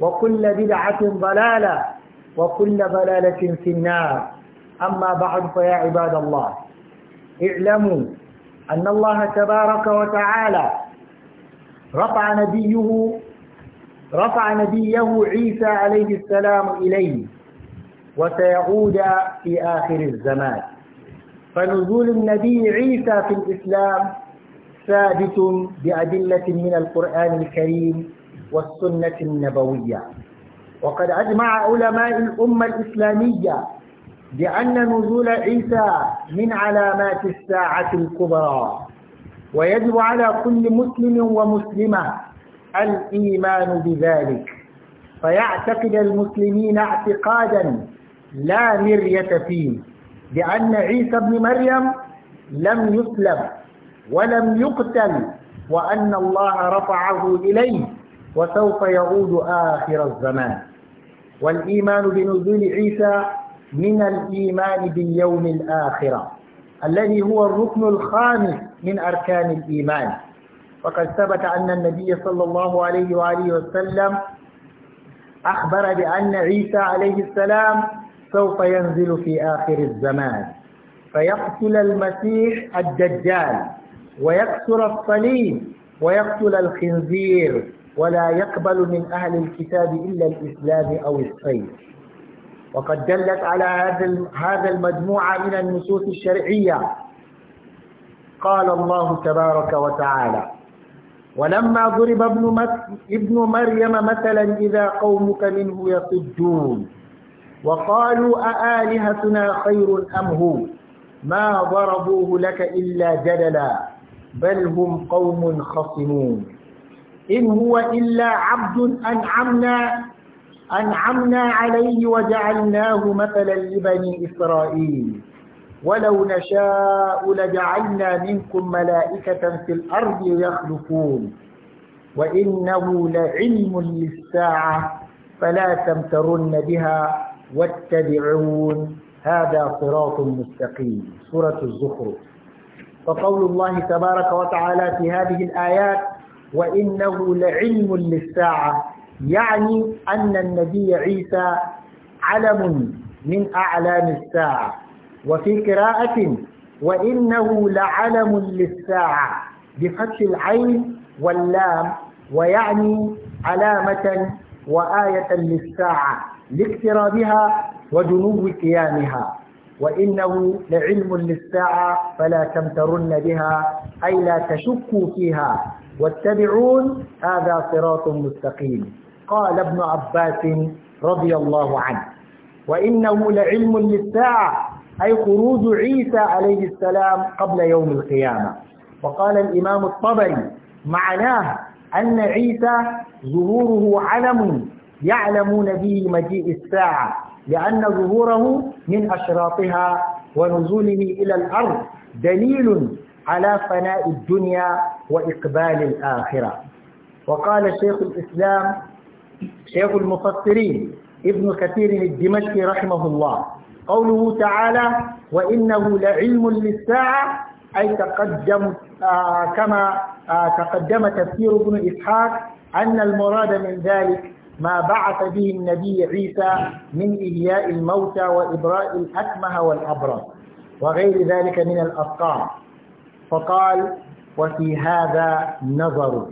وكل بدعة ضلالة وكل ضلالة في النار أما بعد فيا عباد الله اعلموا أن الله تبارك وتعالى رفع نبيه رفع نبيه عيسى عليه السلام إليه وسيعود في آخر الزمان فنزول النبي عيسى في الإسلام ثابت بأدلة من القرآن الكريم والسنة النبوية وقد أجمع علماء الأمة الإسلامية بأن نزول عيسى من علامات الساعة الكبرى ويجب على كل مسلم ومسلمة الإيمان بذلك فيعتقد المسلمين اعتقادا لا مرية فيه بأن عيسى بن مريم لم يسلب ولم يقتل وأن الله رفعه إليه وسوف يعود آخر الزمان والإيمان بنزول عيسى من الإيمان باليوم الآخرة الذي هو الركن الخامس من أركان الإيمان فقد ثبت أن النبي صلى الله عليه وآله وسلم أخبر بأن عيسى عليه السلام سوف ينزل في آخر الزمان فيقتل المسيح الدجال ويكسر الصليب ويقتل الخنزير ولا يقبل من أهل الكتاب إلا الإسلام أو الصيد وقد دلت على هذا هذا المجموعة من النصوص الشرعية قال الله تبارك وتعالى ولما ضرب ابن, ابن مريم مثلا إذا قومك منه يصدون وقالوا أآلهتنا خير أم هو ما ضربوه لك إلا جدلا بل هم قوم خصمون إن هو إلا عبد أنعمنا أنعمنا عليه وجعلناه مثلا لبني إسرائيل ولو نشاء لجعلنا منكم ملائكة في الأرض يخلفون وإنه لعلم للساعة فلا تمترن بها واتبعون هذا صراط مستقيم سورة الزخرف فقول الله تبارك وتعالى في هذه الآيات وإنه لعلم للساعة يعني أن النبي عيسى علم من أعلام الساعة وفي قراءة وإنه لعلم للساعة بفتح العين واللام ويعني علامة وآية للساعة لاقترابها وجنوب قيامها وإنه لعلم للساعة فلا تمترن بها أي لا تشكوا فيها واتبعون هذا صراط مستقيم قال ابن عباس رضي الله عنه وإنه لعلم للساعة أي خروج عيسى عليه السلام قبل يوم القيامة وقال الإمام الطبري معناه أن عيسى ظهوره علم يعلمون به مجيء الساعة لأن ظهوره من أشراطها ونزوله إلى الأرض دليل على فناء الدنيا وإقبال الآخرة وقال شيخ الإسلام شيخ المفسرين ابن كثير الدمشقي رحمه الله قوله تعالى وإنه لعلم للساعة أي تقدم آه كما آه تقدم تفسير ابن إسحاق أن المراد من ذلك ما بعث به النبي عيسى من إلياء الموتى وإبراء الأكمه والأبرص وغير ذلك من الأفكار فقال وفي هذا نظر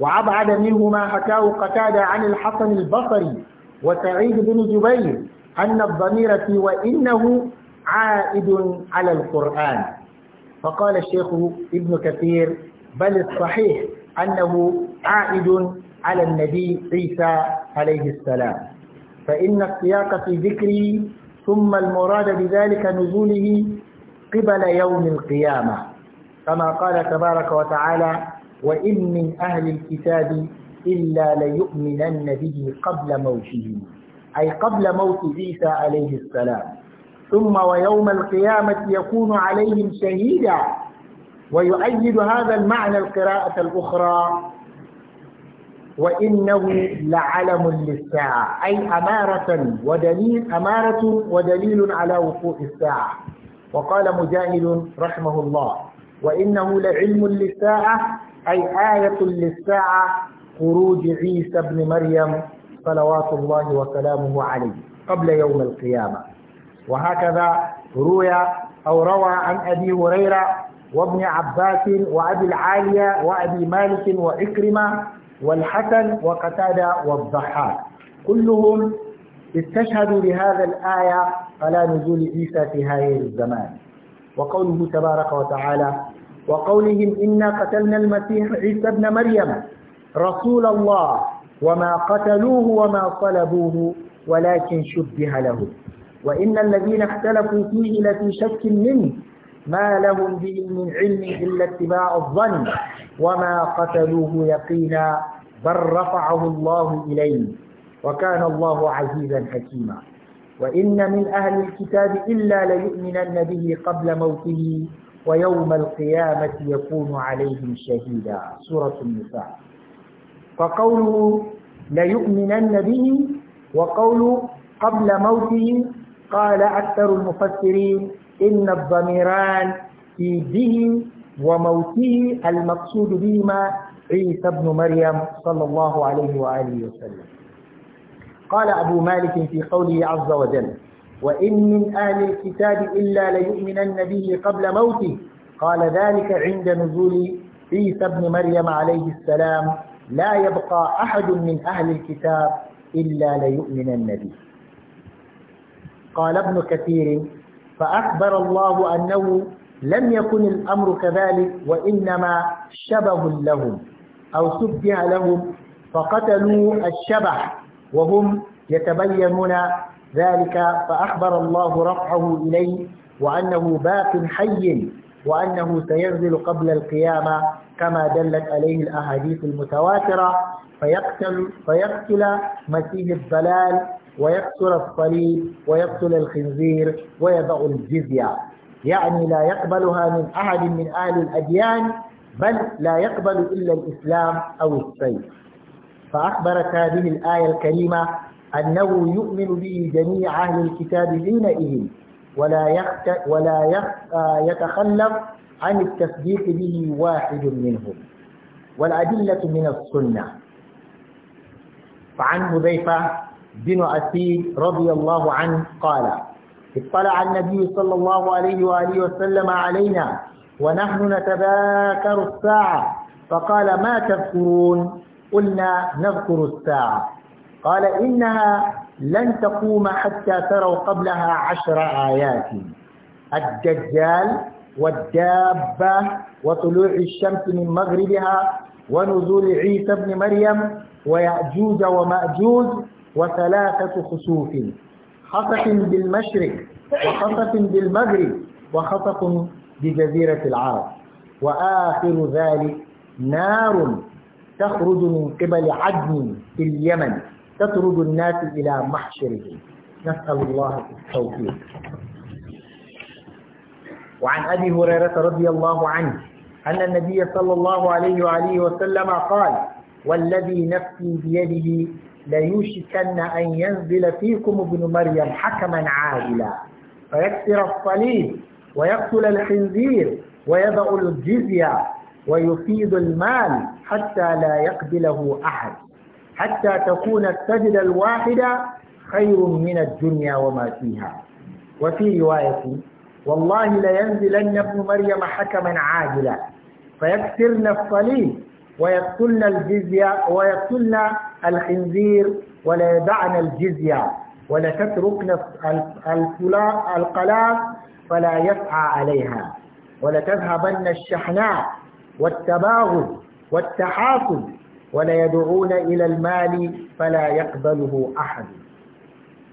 وأبعد منه ما حكاه قتادة عن الحسن البصري وسعيد بن جبير أن الضمير في وإنه عائد على القرآن فقال الشيخ ابن كثير بل الصحيح أنه عائد على النبي عيسى عليه السلام فإن السياق في ذكره ثم المراد بذلك نزوله قبل يوم القيامة كما قال تبارك وتعالى وإن من أهل الكتاب إلا ليؤمنن به قبل موته أي قبل موت عيسى عليه السلام ثم ويوم القيامة يكون عليهم شهيدا ويؤيد هذا المعنى القراءة الأخرى وإنه لعلم للساعة أي أمارة ودليل أمارة ودليل على وقوع الساعة وقال مجاهد رحمه الله وإنه لعلم للساعة أي آية للساعة خروج عيسى بن مريم صلوات الله وسلامه عليه قبل يوم القيامة وهكذا روي أو روى عن أبي هريرة وابن عباس وأبي العالية وأبي مالك وعكرمة والحسن وقتادة والضحاك كلهم استشهدوا لهذا الآية على نزول عيسى في هذه الزمان وقوله تبارك وتعالى وقولهم إنا قتلنا المسيح عيسى ابن مريم رسول الله وما قتلوه وما صلبوه ولكن شبه له وإن الذين اختلفوا فيه لفي شك منه ما لهم به من علم إلا اتباع الظن وما قتلوه يقينا بل رفعه الله إليه وكان الله عزيزا حكيما وإن من أهل الكتاب إلا ليؤمنن به قبل موته ويوم القيامة يكون عليهم شهيدا سورة النساء فقوله ليؤمنن به وقول قبل موته قال أكثر المفسرين إن الضميران في به وموته المقصود بهما عيسى ابن مريم صلى الله عليه وآله وسلم قال أبو مالك في قوله عز وجل وإن من أهل الكتاب إلا ليؤمنن به قبل موته قال ذلك عند نزول عيسى ابن مريم عليه السلام لا يبقى أحد من أهل الكتاب إلا ليؤمنن به قال ابن كثير فأخبر الله أنه لم يكن الأمر كذلك وإنما شبه لهم أو سبه لهم فقتلوا الشبح وهم يتبينون ذلك فأخبر الله رفعه إليه وأنه باق حي وأنه سينزل قبل القيامة كما دلت عليه الأحاديث المتواترة فيقتل, فيقتل مسيح الضلال ويقتل الصليب ويقتل الخنزير ويضع الجزية يعني لا يقبلها من أحد من أهل الأديان بل لا يقبل إلا الإسلام أو السيف فأخبرت هذه الآية الكريمة أنه يؤمن به جميع أهل الكتاب حينئذ ولا يخت... ولا يخ... آه، يتخلف عن التصديق به واحد منهم والأدلة من السنة فعن حذيفة بن أسيد رضي الله عنه قال اطلع النبي صلى الله عليه وآله وسلم علينا ونحن نتذاكر الساعة فقال ما تذكرون قلنا نذكر الساعة قال إنها لن تقوم حتى تروا قبلها عشر آيات الدجال والدابة وطلوع الشمس من مغربها ونزول عيسى بن مريم ويأجوج ومأجوج وثلاثة خسوف خطف بالمشرق وخطف بالمغرب وخطف بجزيرة العرب وآخر ذلك نار تخرج من قبل عدن في اليمن تطرد الناس إلى محشرهم نسأل الله التوفيق وعن أبي هريرة رضي الله عنه أن النبي صلى الله عليه وآله وسلم قال والذي نفسي بيده ليوشكن أن ينزل فيكم ابن مريم حكما عادلا فيكسر الصليب ويقتل الخنزير ويضع الجزية ويفيد المال حتى لا يقبله أحد حتى تكون السجدة الواحدة خير من الدنيا وما فيها وفي رواية والله لينزلن ابن مريم حكما عادلا فيكسرن الصليب ويقتلن الجزية ويقتلن الخنزير وليدعن الجزية ولتتركن القلاق فلا يسعى عليها ولتذهبن الشحناء والتباغض ولا وليدعون إلى المال فلا يقبله أحد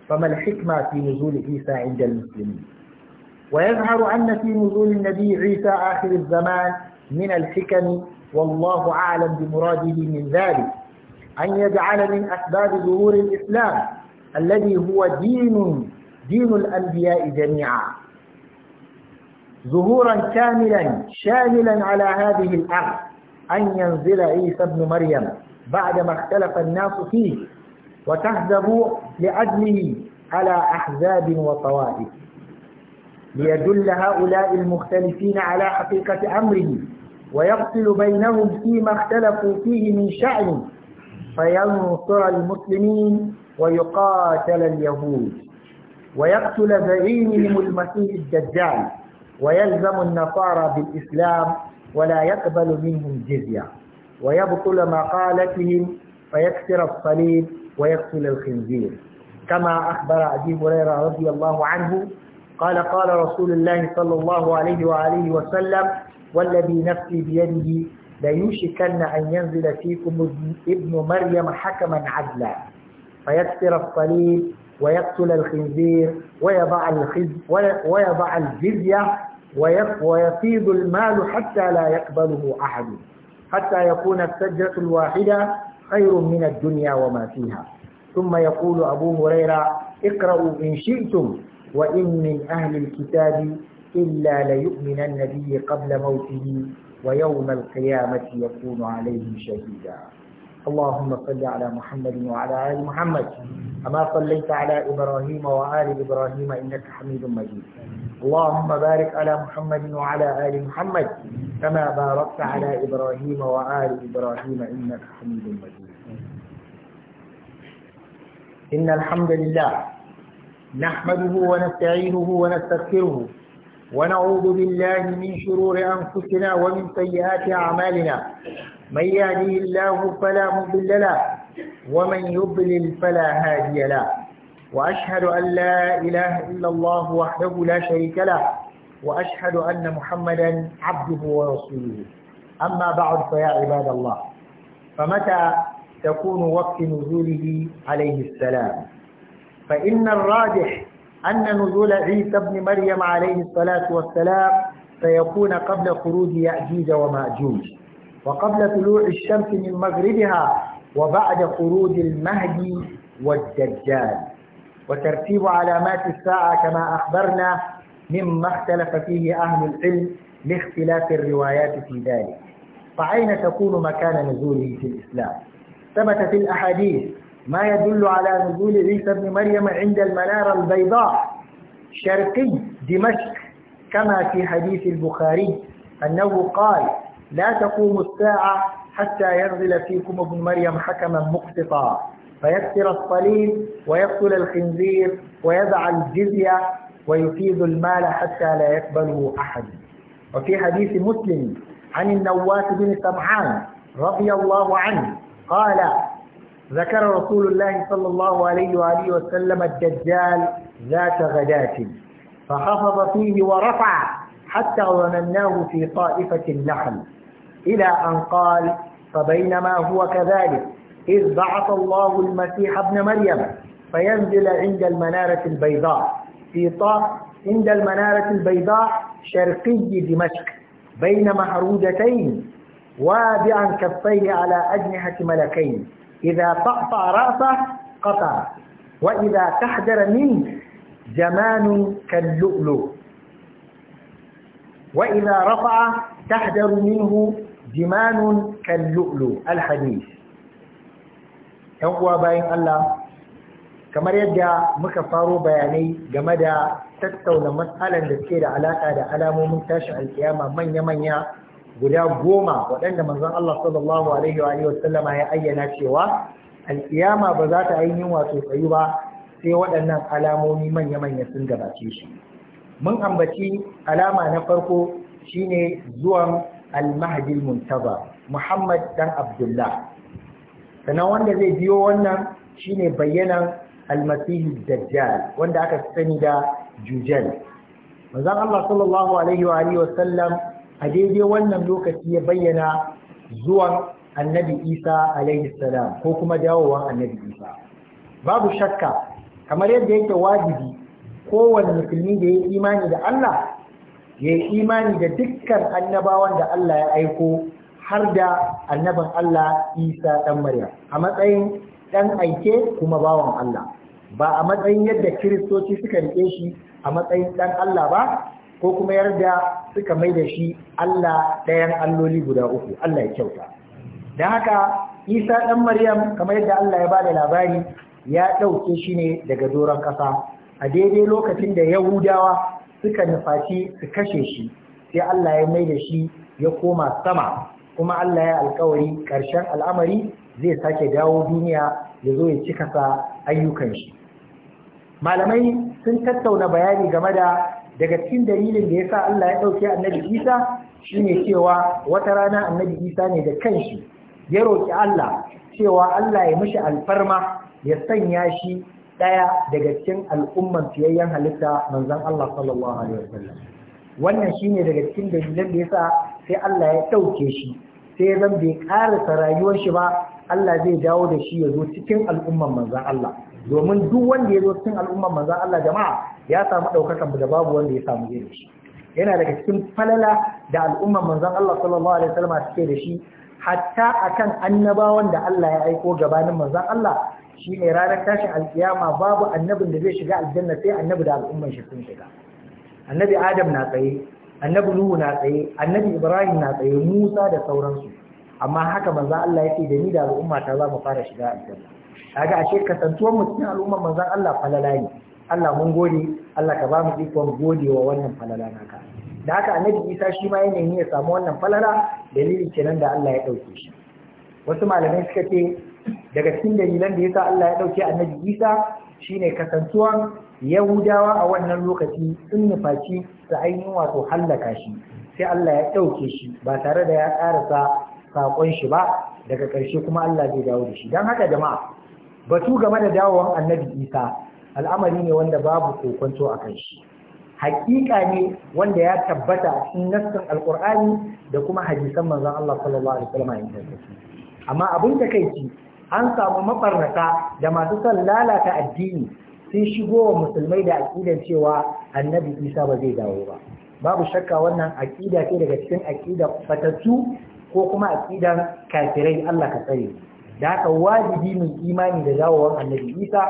فما الحكمة في نزول عيسى عند المسلمين ويظهر أن في نزول النبي عيسى آخر الزمان من الحكم والله أعلم بمراده من ذلك أن يجعل من أسباب ظهور الإسلام الذي هو دين دين الأنبياء جميعا ظهورا كاملا شاملا على هذه الأرض أن ينزل عيسى ابن مريم بعدما اختلف الناس فيه وتهذبوا لأجله على أحزاب وطوائف ليدل هؤلاء المختلفين على حقيقة أمره ويفصل بينهم فيما اختلفوا فيه من شأن فينصر المسلمين ويقاتل اليهود ويقتل زعيمهم المسيح الدجال ويلزم النصارى بالإسلام ولا يقبل منهم جزية ويبطل مقالتهم فيكسر الصليب ويقتل الخنزير كما أخبر أبي هريرة رضي الله عنه قال قال رسول الله صلى الله عليه وآله وسلم والذي نفسي بيده ليوشكن أن ينزل فيكم ابن مريم حكما عدلا فيكسر الصليب ويقتل الخنزير ويضع الخز ويضع الجزية ويفيض المال حتى لا يقبله أحد حتى يكون السجرة الواحدة خير من الدنيا وما فيها ثم يقول أبو هريرة اقرأوا إن شئتم وإن من أهل الكتاب إلا ليؤمن النبي قبل موته ويوم القيامة يكون عليه شهيدا اللهم صل على محمد وعلى آل محمد كما صليت على إبراهيم وآل إبراهيم إنك حميد مجيد اللهم بارك على محمد وعلى آل محمد كما باركت على إبراهيم وآل إبراهيم إنك حميد مجيد إن الحمد لله نحمده ونستعينه ونستغفره ونعوذ بالله من شرور أنفسنا ومن سيئات أعمالنا من يهديه الله فلا مضل له ومن يضلل فلا هادي له وأشهد أن لا إله إلا الله وحده لا شريك له وأشهد أن محمدا عبده ورسوله أما بعد فيا عباد الله فمتى تكون وقت نزوله عليه السلام فإن الراجح أن نزول عيسى بن مريم عليه الصلاة والسلام سيكون قبل خروج يأجوج ومأجوج وقبل طلوع الشمس من مغربها وبعد خروج المهدي والدجال وترتيب علامات الساعة كما أخبرنا مما اختلف فيه أهل العلم لاختلاف الروايات في ذلك فأين تكون مكان نزوله في الإسلام ثبت في الأحاديث ما يدل على نزول عيسى بن مريم عند المنارة البيضاء شرقي دمشق كما في حديث البخاري أنه قال لا تقوم الساعة حتى ينزل فيكم ابن مريم حكما مقتطا فيكسر الصليب ويقتل الخنزير ويدع الجزية ويفيض المال حتى لا يقبله أحد وفي حديث مسلم عن النواس بن سمعان رضي الله عنه قال ذكر رسول الله صلى الله عليه وآله وسلم الدجال ذات غداة فخفض فيه ورفع حتى ظنناه في طائفة النحل إلى أن قال فبينما هو كذلك إذ بعث الله المسيح ابن مريم فينزل عند المنارة البيضاء في طاق عند المنارة البيضاء شرقي دمشق بين مهرودتين وابعا كفيه على أجنحة ملكين إذا تقطع رأسه قطع وإذا تحدر منه جمان كاللؤلؤ وإذا رفع تحدر منه jimanun kallu'lu alhadis ‘yan uwa bayan Allah kamar yadda muka faro bayanai game da tattauna matsalar da suke da alaƙa da alamomin tashin alkiyama manya-manya guda goma waɗanda manzon Allah sallallahu alaihi wa sallama ya ayyana cewa alkiyama ba za ta ainihin wato tsayu ba sai waɗannan alamomi manya-manya sun gabace shi mun ambaci alama na farko shine zuwan almahdi mahdi muntaba muhammad dan abdullah sannan wanda zai biyo wannan shine bayanan al dajjal wanda aka sani da jujal manzon Allah sallallahu alaihi wa alihi wa sallam a daidai wannan lokaci ya bayyana zuwan annabi Isa alaihi salam ko kuma dawowar annabi Isa babu shakka kamar yadda yake wajibi kowane musulmi da ya imani da Allah ya yi imani da dukkan annabawan da Allah ya aiko har da annaban Allah Isa ɗan Maryam a matsayin ɗan aike kuma bawan Allah ba a matsayin yadda kiristoci suka rike shi a matsayin ɗan Allah ba ko kuma yarda suka mai da shi Allah ɗayan alloli guda uku Allah ya kyauta da haka Isa ɗan Maryam kamar yadda Allah ya ba da labari ya ɗauke shi ne daga doron ƙasa a daidai lokacin da Yahudawa suka nufaci su kashe shi sai Allah ya mai da shi ya koma sama kuma Allah ya alkawari ƙarshen al'amari zai sake dawo duniya ya zo ya cika sa ayyukan shi malamai sun tattauna bayani game da daga cikin dalilin da ya sa Allah ya ɗauke annabi Isa shine cewa wata rana annabi Isa ne da kanshi ya roƙi Allah cewa Allah ya mishi alfarma ya sanya shi ɗaya daga cikin al'umman fiyayyen halitta manzon Allah sallallahu alaihi wasallam wannan shine daga cikin dalilan da yasa sai Allah ya ɗauke shi sai ya zan bai ƙarasa rayuwar shi ba Allah zai dawo da shi ya zo cikin al'umman manzon Allah domin duk wanda ya zo cikin al'umman manzon Allah jama'a ya samu daukakan da babu wanda ya samu irin shi yana daga cikin falala da al'umman manzon Allah sallallahu alaihi wasallam suke da shi hatta akan annabawan da Allah ya aiko gabanin manzon Allah shi ne ranar tashin alkiyama babu annabin da zai shiga aljanna sai annabi da al'umman shi sun shiga annabi adam na tsaye annabi nuhu na tsaye annabi ibrahim na tsaye musa da sauransu amma haka manzo Allah ya yake da ni da al'umma ta za mu fara shiga aljanna kaga ashe kasantuwar mu cikin al'umma manzon Allah falala ne Allah mun gode Allah ka ba mu ikon gode wa wannan falala naka da haka annabi Isa shi ma yana ya samu wannan falala dalili kenan da Allah ya ɗauke shi wasu malamai suka ce daga cikin dalilan da yasa Allah ya dauke annabi Isa shine kasantuwan Yahudawa a wannan lokaci sun nufaci su ainihin wato hallaka shi sai Allah ya dauke shi ba tare da ya karasa sakon shi ba daga ƙarshe kuma Allah zai dawo da shi dan haka jama'a batu game da dawowar annabi Isa al'amari ne wanda babu kokonto a kan shi Haƙiƙa ne wanda ya tabbata a cikin nassin alƙur'ani da kuma hadisan manzon Allah sallallahu alaihi wasallam amma abin takeici an samu mafarraka da masu son lalata addini sun shigo wa musulmai da aƙidan cewa annabi isa ba zai dawo ba babu shakka wannan aƙida ce daga cikin aƙida fatattu ko kuma aƙidan kafirai Allah ka tsare da haka wajibi mai imani da dawowar annabi isa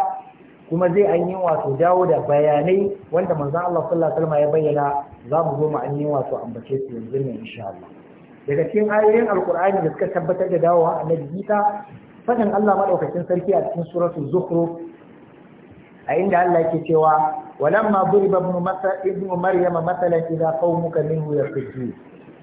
kuma zai an yi wato dawo da bayanai wanda manzan Allah sallallahu alaihi ya bayyana za mu zo mu an yi wato ambace su yanzu ne insha Allah daga cikin ayoyin alkur'ani da suka tabbatar da dawowa annabi Isa fadin Allah madaukakin sarki a cikin suratul zukhruf a inda Allah yake cewa walamma duriba ibnu masa ibnu maryama masalan idza qaumuka minhu yasjud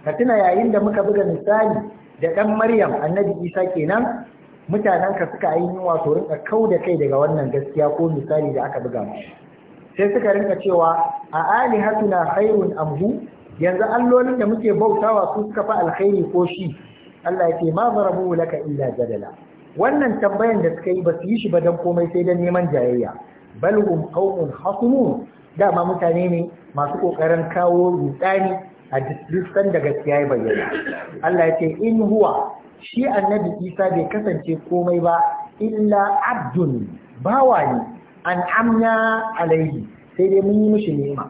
ka yayin da muka buga misali da dan maryam annabi isa kenan mutanen suka yi wato rinka kau da kai daga wannan gaskiya ko misali da aka buga musu sai suka rinka cewa a hatuna khairun amhu yanzu allolin da muke bautawa su suka fa alkhairi ko shi Allah ya ce ma zarabu laka illa jadala wannan tambayan da suka yi ba su yi shi ba don komai sai don neman jayayya bal qaumun hasumun dama mutane ne masu kokarin kawo rutsani a disristan da gaskiya ya bayyana Allah ya ce in huwa shi annabi Isa bai kasance komai ba illa abdun bawa ne an amna alaihi sai dai mun yi mishi nema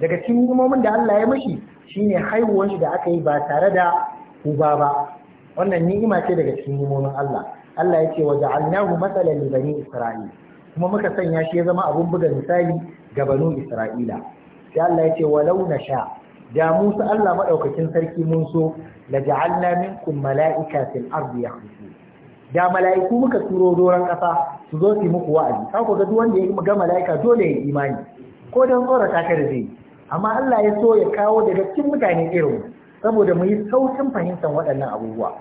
daga cikin nimomin da Allah ya mishi shine haihuwar shi da aka yi ba tare da uba ba wannan ni'ima ce daga cikin nimomin Allah Allah ya ce wa ja'alnahu matsalan li bani isra'il kuma muka sanya shi ya zama abun buga misali ga banu isra'ila sai Allah ya ce walau nasha da Musa Allah madaukakin sarki mun so la ja'alna minkum mala'ika ardi yakhufu da mala'iku muka turo doran kasa su zo su muku wa'azi ka ku ga duk wanda ya ga mala'ika dole ya yi imani ko dan tsorata ka da zai amma Allah ya so ya kawo daga cikin mutane irin saboda mu yi sautin fahimtar waɗannan abubuwa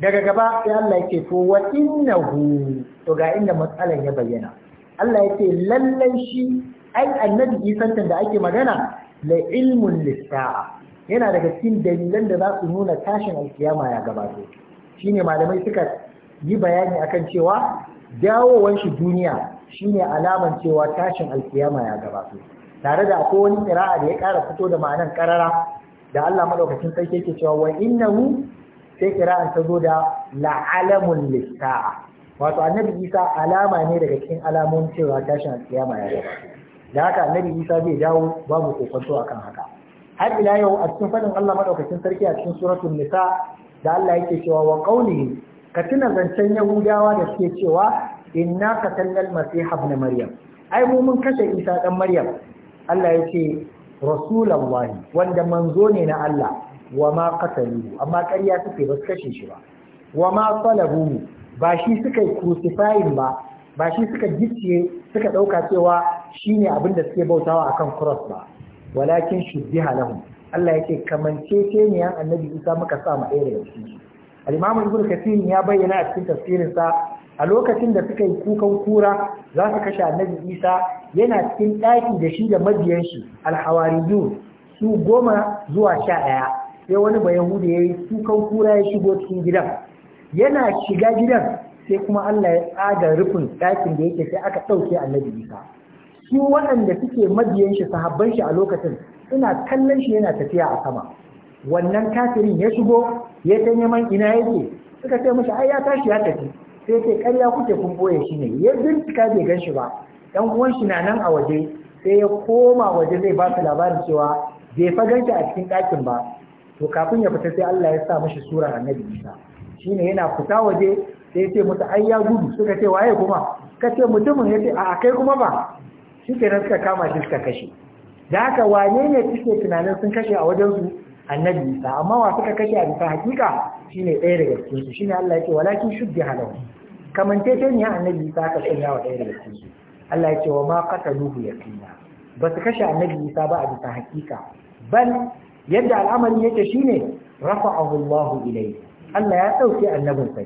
daga gaba sai Allah yake to wa innahu to ga inda matsalar ya bayyana Allah yake lallai shi ai annabi Isa da ake magana la ilmun lisaa yana daga cikin dalilan da za su nuna tashin alkiyama ya gabato shine malamai suka yi bayani akan cewa dawowar shi duniya shine alaman cewa tashin alkiyama ya gabato tare da akwai wani kira'a da ya ƙara fito da ma'anan karara da Allah madaukakin sarki yake cewa wa innahu sai kira'an ta zo da la'alamun lissa'a wato annabi isa alama ne daga cikin alamomin cewa tashin kiyama ya gaba da haka annabi isa zai dawo babu kokonto akan haka har ila yau a cikin fadin Allah madaukakin sarki a cikin suratul nisa da Allah yake cewa wa qawlihi ka tuna zancen yahudawa da suke cewa inna qatalnal masih ibn maryam ai mu mun kashe isa dan maryam Allah yake rasulullahi wanda manzo ne na Allah Wama ma qataluhu amma ƙarya suke ba su kashe shi ba Wama ma salabuhu ba shi suka crucifying ba ba shi suka gicciye suka ɗauka cewa shine abin da suke bautawa akan cross ba walakin shubbiha lahum Allah yake an annabi Isa muka sa ma ɗaya da cikin al-Imam Ibn Kathir ya bayyana a cikin tafsirinsa a lokacin da suka yi kukan kura za su kashe annabi Isa yana cikin ɗaki da shi da mabiyan shi al-Hawariyun su goma zuwa sha ɗaya sai wani ba yahuda ya yi tukan kura ya shigo cikin gidan yana shiga gidan sai kuma Allah ya tsaga rufin ɗakin da yake sai aka ɗauke annabi Isa su waɗanda suke mabiyan shi sahabban shi a lokacin suna kallon shi yana tafiya a sama wannan kafirin ya shigo ya ta neman ina yake suka ce mashi ai ya tashi ya tafi sai sai ƙarya kuke kun boye shi ne ya bincika bai gan shi ba dan uwan shi na nan a waje sai ya koma waje zai ba su labarin cewa bai fa gan a cikin ɗakin ba to kafin ya fita sai Allah ya sa mashi sura annabi Isa shine yana fita waje sai ce mutu ai ya gudu suka ce waye kuma kace mutumin yace a kai kuma ba shikenan suka kama shi suka kashe da haka wane ne kike tunanin sun kashe a wajen su annabi Isa amma wa suka kashe a bisa hakika shine ɗaya daga cikin su shine Allah yake walakin shubbi halahu kamantete ne annabi Isa ka sanya wa ɗaya daga cikin su Allah yake wa ma qataluhu yaqina ba su kashe annabi Isa ba a bisa hakika bal yadda al'amari yake shine rafa'ahu Allahu ilayhi Allah ya dauke annabin sa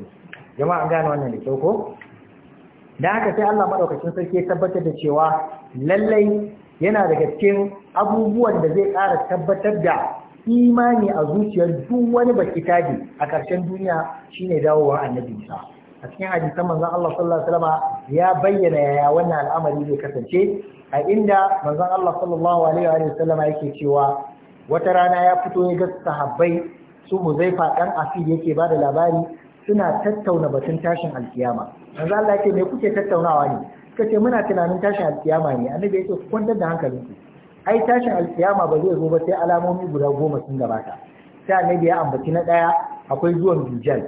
jama'a an gane wannan da kyau ko Dan haka sai Allah madaukakin sarki ya tabbatar da cewa lallai yana daga cikin abubuwan da zai ƙara tabbatar da imani a zuciyar duk wani baki a ƙarshen duniya shine dawowa annabi Isa a cikin hadisan manzon Allah sallallahu alaihi wasallam ya bayyana yaya wannan al'amari zai kasance a inda manzon Allah sallallahu alaihi wasallam yake cewa wata rana ya fito ya ga sahabbai su muzaifa dan asiri yake ba da labari suna tattauna batun tashin alkiyama manzo Allah yake me kuke tattaunawa ne suka muna tunanin tashin alkiyama ne annabi yake ku kwantar da hankalinku ai tashin alkiyama ba zai zo ba sai alamomi guda goma sun gabata sai annabi ya ambaci na daya akwai zuwan dujjal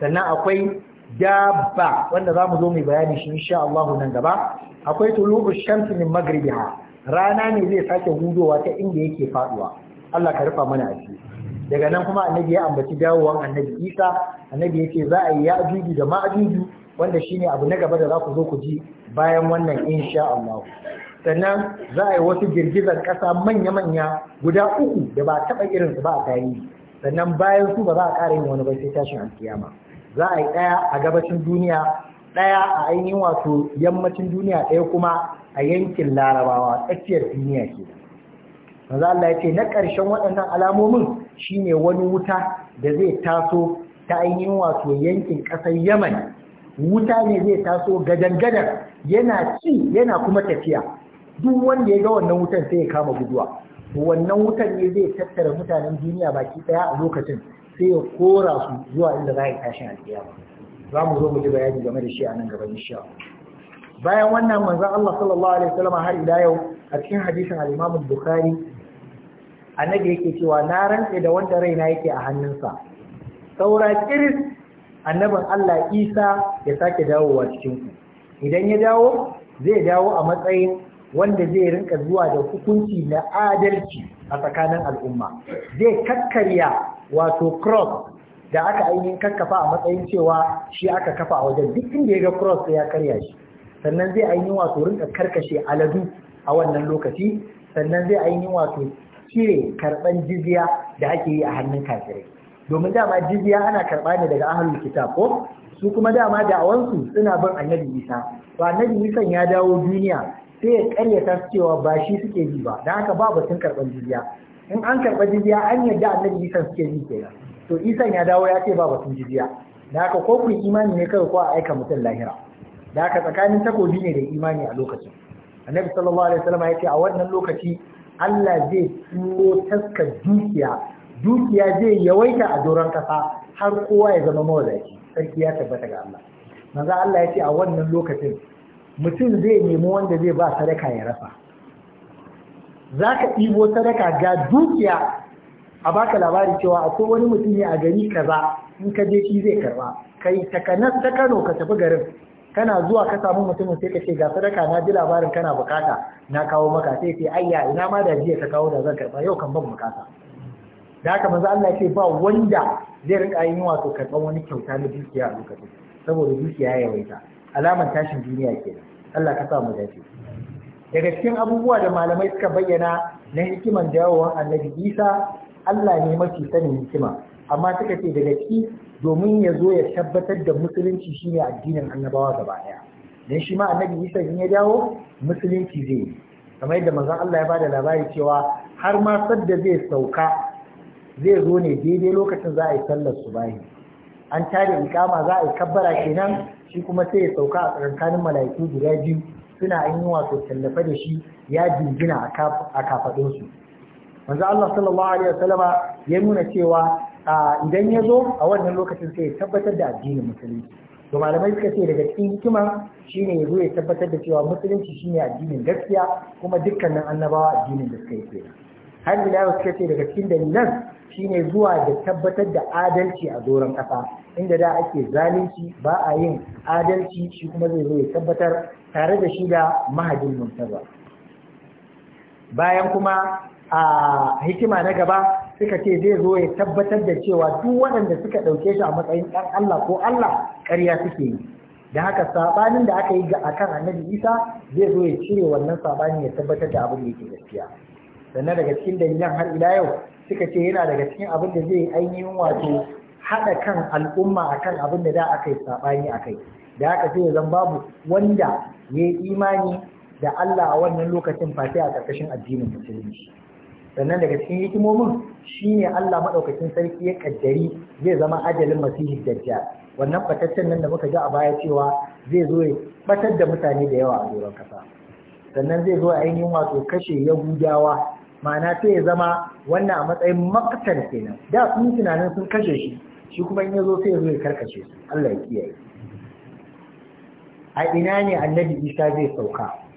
sannan akwai dabba wanda za mu zo mai bayani shi insha Allah nan gaba akwai tulu'u shamsi min magribiha rana ne zai sake hudowa ta inda yake faduwa Allah ka rufa mana asiri daga nan kuma annabi ya ambaci dawowan annabi Isa annabi ya ce za a yi ajuju da ma'ajuju wanda shine abu na gaba da za ku zo ku ji bayan wannan insha Allah sannan za a yi wasu girgizar ƙasa manya-manya guda uku da ba a taɓa irin su ba a tarihi sannan bayan su ba za a ƙara yin wani ba sai tashin alkiyama za a yi ɗaya a gabashin duniya ɗaya a ainihin wato yammacin duniya ɗaya kuma a yankin larabawa tsakiyar duniya ke manzo Allah ya ce na ƙarshen waɗannan alamomin shine wani wuta da zai taso ta ainihin wato yankin ƙasar Yaman wuta ne zai taso gadon gadan yana ci yana kuma tafiya duk wanda ya ga wannan wutan sai ya kama guduwa wannan wutan ne zai tattara mutanen duniya baki ɗaya a lokacin sai ya kora su zuwa inda za a yi tashin alkiyama za mu zo mu ji bayani game da shi a nan gaba insha bayan wannan manzon Allah sallallahu alaihi wasallam har ila yau a cikin hadisin al-Imam Bukhari annabi yake cewa na rantse da wanda raina yake a hannunsa saura kiris annabin Allah Isa ya sake dawowa cikin ku idan ya dawo zai dawo a matsayin wanda zai rinka zuwa da hukunci na adalci a tsakanin al'umma zai kakkarya wato cross da aka ainihin kakkafa a matsayin cewa shi aka kafa a wajen duk inda ya ga cross ya karya shi sannan zai ainihin wato rinka karkashe aladu a wannan lokaci sannan zai ainihin wato cire karɓan jizya da ake yi a hannun kafirai domin dama jizya ana karɓa ne daga ahalin kitab ko su kuma dama da'awansu suna bin annabi isa to annabi isa ya dawo duniya sai ya karyata cewa ba shi suke yi ba da haka ba batun karɓan jizya in an karɓa jizya an yarda annabi isa suke yi kenan to isa ya dawo ya ce ba batun jizya da haka ko kun imani ne kawai ko a aika mutum lahira da haka tsakanin takobi ne da imani a lokacin annabi sallallahu alaihi wasallam ya ce a wannan lokaci Allah zai turo taskar dukiya dukiya zai yawaita a doron kasa har kowa ya zama mawazaki, sarki ya tabbata ga Allah manzo Allah ya ce a wannan lokacin mutum zai nemi wanda zai ba sadaka ya rasa za ka ɗibo sadaka ga dukiya a baka labari cewa akwai wani mutum ne a gari kaza in ka je shi zai karba kai takanas ta Kano ka tafi garin kana zuwa ka samu mutumin sai ka ce ga sadaka na ji labarin kana bukata na kawo maka sai ce ayya ina ma da jiya ka kawo da zan karba yau kan ban bukata da haka manzo Allah ce ba wanda zai rinka yin wato karban wani kyauta na dukiya a lokacin saboda dukiya ya yawaita alamar tashin duniya kenan Allah ka sa mu dace daga cikin abubuwa da malamai suka bayyana na hikiman jawowar annabi Isa Allah ne mafi sanin hikima amma suka ce daga ciki domin ya zo ya tabbatar da musulunci shine addinin annabawa gaba ɗaya, don shi ma annabi Isa in ya dawo musulunci zai yi kamar yadda manzon Allah ya bada labari cewa har ma sadda zai sauka zai zo ne daidai lokacin za a yi sallar su bayi an tare ikama za a yi kabbara kenan shi kuma sai ya sauka a tsakankanin mala'iku guda biyu suna an yi wato tallafa da shi ya jingina a kafadunsu Wanzu Allah sallallahu alaihi wasallama ya nuna cewa idan ya zo a wannan lokacin sai ya tabbatar da addinin musulunci to malamai suka ce daga cikin hikima shine ya zo ya tabbatar da cewa musulunci shine addinin gaskiya kuma dukkanin annabawa addinin da suka yi kenan har ila yau suka ce daga cikin dalilan shine zuwa da tabbatar da adalci a doron ƙasa inda da ake zalunci ba a yin adalci shi kuma zai zo ya tabbatar tare da shi da mahadin muntaza bayan kuma a hikima na gaba suka ce zai zo ya tabbatar da cewa duk waɗanda suka ɗauke shi a matsayin ɗan Allah ko Allah ƙarya suke yi da haka saɓanin da aka yi ga akan annabi Isa zai zo ya cire wannan sabanin ya tabbatar da abin da yake gaskiya sannan daga cikin dalilan har ila yau suka ce yana daga cikin abin da zai ainihin wato haɗa kan al'umma akan abin da da aka yi saɓani a kai. da haka sai ya zan babu wanda ya yi imani da Allah a wannan lokacin fati a ƙarƙashin addinin musulunci sannan daga cikin hikimomin shi ne Allah maɗaukacin sarki ya ƙaddari zai zama ajalin masihi dajjal wannan fataccen nan da muka ji a baya cewa zai zo ya batar da mutane da yawa a doron kasa sannan zai zo ainihin wato kashe ya yahudawa ma'ana sai ya zama wannan a matsayin makasar kenan da sun tunanin sun kashe shi shi kuma in ya zo sai ya zo ya karkace su Allah ya kiyaye a ina ne annabi Isa zai sauka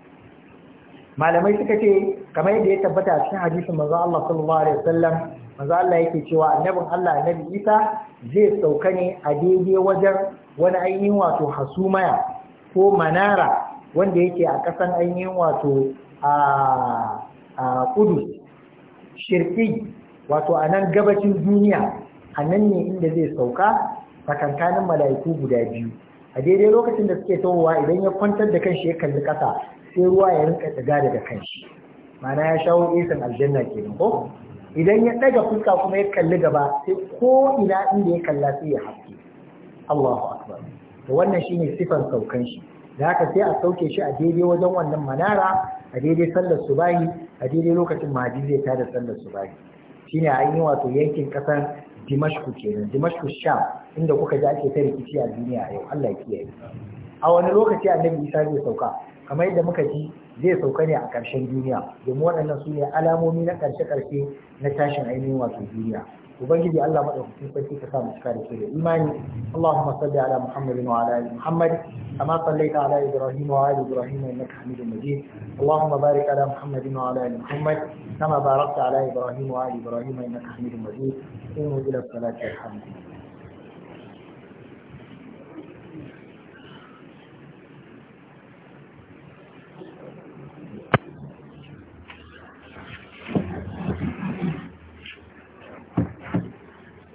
malamai suka ce kamar yadda ya tabbata a cikin hadisin manzo Allah sallallahu alaihi wasallam manzo Allah yake cewa annabin Allah annabi Isa zai sauka ne a daidai wajen wani ainihin wato hasumaya ko manara wanda yake a kasan ainihin wato a a kudu shirki wato a nan gabacin duniya a nan ne inda zai sauka tsakankanin mala'iku guda biyu a daidai lokacin da suke tohowa idan ya kwantar da kanshi ya kalli ƙasa sai ruwa ya rinka tsiga daga kanshi ma'ana ya shawo isan aljanna ke ko idan ya ɗaga fuska kuma ya kalli gaba sai ko ina inda ya kalla sai ya haske Allahu akbar to wannan shine sifan saukan shi da haka sai a sauke shi a daidai wajen wannan manara a daidai sallar subahi a daidai lokacin mahadi ta da sallar subahi shine a yi wato yankin kasan dimashku kenan dimashku sha inda kuka ji ake ta rikici a duniya yau Allah ya kiyaye a wani lokaci annabi isa zai sauka kamar yadda muka ji zai sauka ne a ƙarshen duniya domin waɗannan su ne alamomi na ƙarshe-ƙarshe na tashin ainihin wato duniya ubangiji Allah madaukakin sarki ka sa mu cika da shi da imani Allahumma salli ala Muhammadin wa ala ali Muhammad kama sallaita ala Ibrahim wa ala Ibrahim innaka Hamidum Majid Allahumma barik ala Muhammadin wa ala ali Muhammad kama barakta ala Ibrahim wa ala Ibrahim innaka Hamidum Majid قوموا إلى الصلاة والحمد